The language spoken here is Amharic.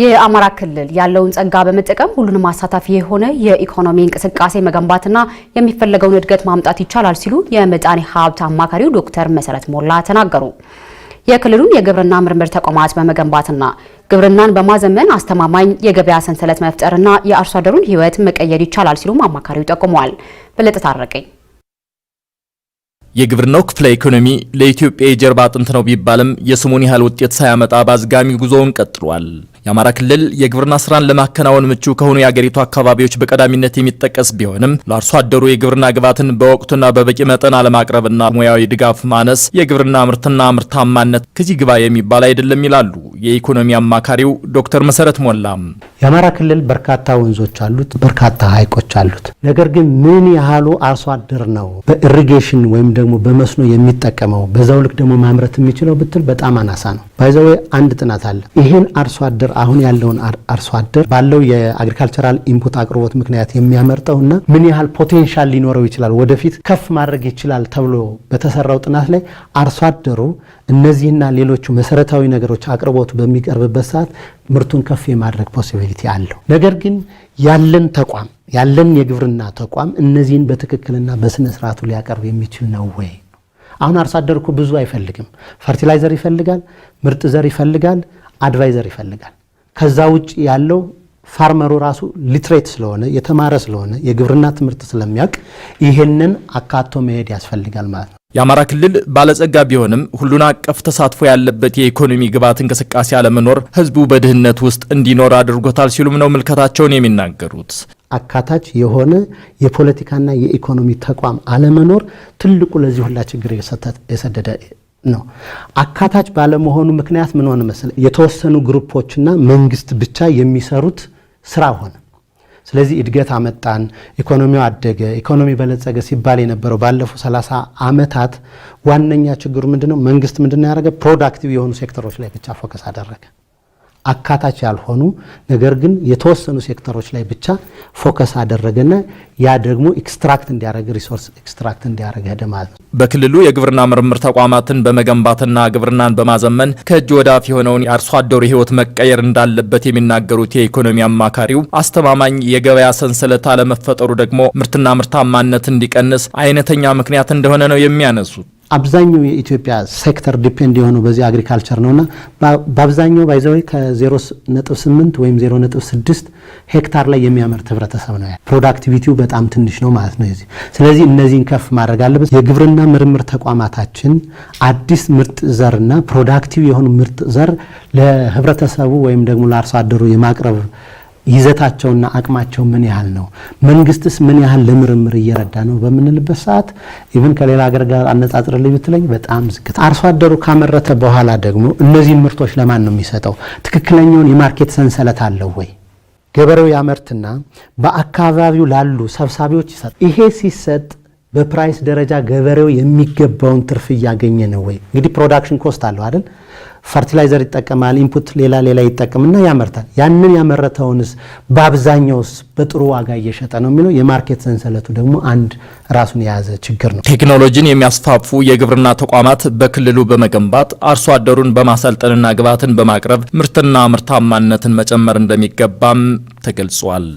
የአማራ ክልል ያለውን ጸጋ በመጠቀም ሁሉንም አሳታፊ የሆነ የኢኮኖሚ እንቅስቃሴ መገንባትና የሚፈለገውን እድገት ማምጣት ይቻላል ሲሉ የምጣኔ ሀብት አማካሪው ዶክተር መሰረት ሞላ ተናገሩ። የክልሉን የግብርና ምርምር ተቋማት በመገንባትና ግብርናን በማዘመን አስተማማኝ የገበያ ሰንሰለት መፍጠርና የአርሶ አደሩን ሕይወት መቀየር ይቻላል ሲሉም አማካሪው ጠቁመዋል። በለጠ ታረቀኝ የግብርናው ክፍለ ኢኮኖሚ ለኢትዮጵያ የጀርባ አጥንት ነው ቢባልም የስሙን ያህል ውጤት ሳያመጣ በአዝጋሚ ጉዞውን ቀጥሏል። የአማራ ክልል የግብርና ስራን ለማከናወን ምቹ ከሆኑ የአገሪቱ አካባቢዎች በቀዳሚነት የሚጠቀስ ቢሆንም ለአርሶ አደሩ የግብርና ግብዓትን በወቅቱና በበቂ መጠን አለማቅረብና ሙያዊ ድጋፍ ማነስ የግብርና ምርትና ምርታማነት ከዚህ ግባ የሚባል አይደለም ይላሉ። የኢኮኖሚ አማካሪው ዶክተር መሰረት ሞላ የአማራ ክልል በርካታ ወንዞች አሉት፣ በርካታ ሀይቆች አሉት። ነገር ግን ምን ያህሉ አርሶ አደር ነው በኢሪጌሽን ወይም ደግሞ በመስኖ የሚጠቀመው በዛው ልክ ደግሞ ማምረት የሚችለው ብትል በጣም አናሳ ነው። ባይዘዌ አንድ ጥናት አለ። ይህን አርሶ አደር አሁን ያለውን አርሶ አደር ባለው የአግሪካልቸራል ኢንፑት አቅርቦት ምክንያት የሚያመርጠው እና ምን ያህል ፖቴንሻል ሊኖረው ይችላል ወደፊት ከፍ ማድረግ ይችላል ተብሎ በተሰራው ጥናት ላይ አርሶ አደሩ እነዚህና ሌሎቹ መሰረታዊ ነገሮች አቅርቦቱ በሚቀርብበት ሰዓት ምርቱን ከፍ የማድረግ ፖሲቢሊቲ አለው። ነገር ግን ያለን ተቋም ያለን የግብርና ተቋም እነዚህን በትክክልና በስነ ስርዓቱ ሊያቀርብ የሚችል ነው ወይ? አሁን አርሶ አደርኩ ብዙ አይፈልግም። ፈርቲላይዘር ይፈልጋል፣ ምርጥ ዘር ይፈልጋል፣ አድቫይዘር ይፈልጋል። ከዛ ውጭ ያለው ፋርመሩ ራሱ ሊትሬት ስለሆነ የተማረ ስለሆነ የግብርና ትምህርት ስለሚያውቅ ይህንን አካቶ መሄድ ያስፈልጋል ማለት ነው። የአማራ ክልል ባለጸጋ ቢሆንም ሁሉን አቀፍ ተሳትፎ ያለበት የኢኮኖሚ ግብዓት እንቅስቃሴ አለመኖር ህዝቡ በድህነት ውስጥ እንዲኖር አድርጎታል ሲሉም ነው ምልከታቸውን የሚናገሩት። አካታች የሆነ የፖለቲካና የኢኮኖሚ ተቋም አለመኖር ትልቁ ለዚህ ሁላ ችግር የሰደደ ነው። አካታች ባለመሆኑ ምክንያት ምን ሆነ መሰለ፣ የተወሰኑ ግሩፖችና መንግስት ብቻ የሚሰሩት ስራ ሆነ። ስለዚህ እድገት አመጣን፣ ኢኮኖሚው አደገ፣ ኢኮኖሚ በለጸገ ሲባል የነበረው ባለፉት 30 ዓመታት ዋነኛ ችግሩ ምንድነው? መንግስት ምንድነው ያደረገ? ፕሮዳክቲቭ የሆኑ ሴክተሮች ላይ ብቻ ፎከስ አደረገ። አካታች ያልሆኑ ነገር ግን የተወሰኑ ሴክተሮች ላይ ብቻ ፎከስ አደረገና ያ ደግሞ ኤክስትራክት እንዲያደረግ ሪሶርስ ኤክስትራክት እንዲያደረግ ሄደ ማለት ነው። በክልሉ የግብርና ምርምር ተቋማትን በመገንባትና ግብርናን በማዘመን ከእጅ ወዳፍ የሆነውን የአርሶ አደሩ ሕይወት መቀየር እንዳለበት የሚናገሩት የኢኮኖሚ አማካሪው አስተማማኝ የገበያ ሰንሰለት አለመፈጠሩ ደግሞ ምርትና ምርታማነት እንዲቀንስ አይነተኛ ምክንያት እንደሆነ ነው የሚያነሱት። አብዛኛው የኢትዮጵያ ሴክተር ዲፔንድ የሆነው በዚህ አግሪካልቸር ነውና በአብዛኛው ባይዘው ከ0.8 ወይም 0.6 ሄክታር ላይ የሚያመርት ህብረተሰብ ነው። ፕሮዳክቲቪቲው በጣም ትንሽ ነው ማለት ነው። ስለዚህ እነዚህን ከፍ ማድረግ አለበት። የግብርና ምርምር ተቋማታችን አዲስ ምርጥ ዘርና ፕሮዳክቲቭ የሆኑ ምርጥ ዘር ለህብረተሰቡ ወይም ደግሞ ለአርሶ አደሩ የማቅረብ ይዘታቸውና አቅማቸው ምን ያህል ነው፣ መንግስትስ ምን ያህል ለምርምር እየረዳ ነው በምንልበት ሰዓት ኢቭን ከሌላ ሀገር ጋር አነጻጽር ልዩ ትለኝ በጣም ዝግት። አርሶ አደሩ ካመረተ በኋላ ደግሞ እነዚህ ምርቶች ለማን ነው የሚሰጠው? ትክክለኛውን የማርኬት ሰንሰለት አለው ወይ? ገበሬው ያመርትና በአካባቢው ላሉ ሰብሳቢዎች ይሰጥ። ይሄ ሲሰጥ በፕራይስ ደረጃ ገበሬው የሚገባውን ትርፍ እያገኘ ነው ወይ? እንግዲህ ፕሮዳክሽን ኮስት አለው አይደል? ፈርቲላይዘር ይጠቀማል፣ ኢንፑት ሌላ ሌላ ይጠቀምና ያመርታል። ያንን ያመረተውንስ በአብዛኛውስ በጥሩ ዋጋ እየሸጠ ነው የሚለው የማርኬት ሰንሰለቱ ደግሞ አንድ ራሱን የያዘ ችግር ነው። ቴክኖሎጂን የሚያስፋፉ የግብርና ተቋማት በክልሉ በመገንባት አርሶ አደሩን በማሰልጠንና ግብዓትን በማቅረብ ምርትና ምርታማነትን መጨመር እንደሚገባም ተገልጿል።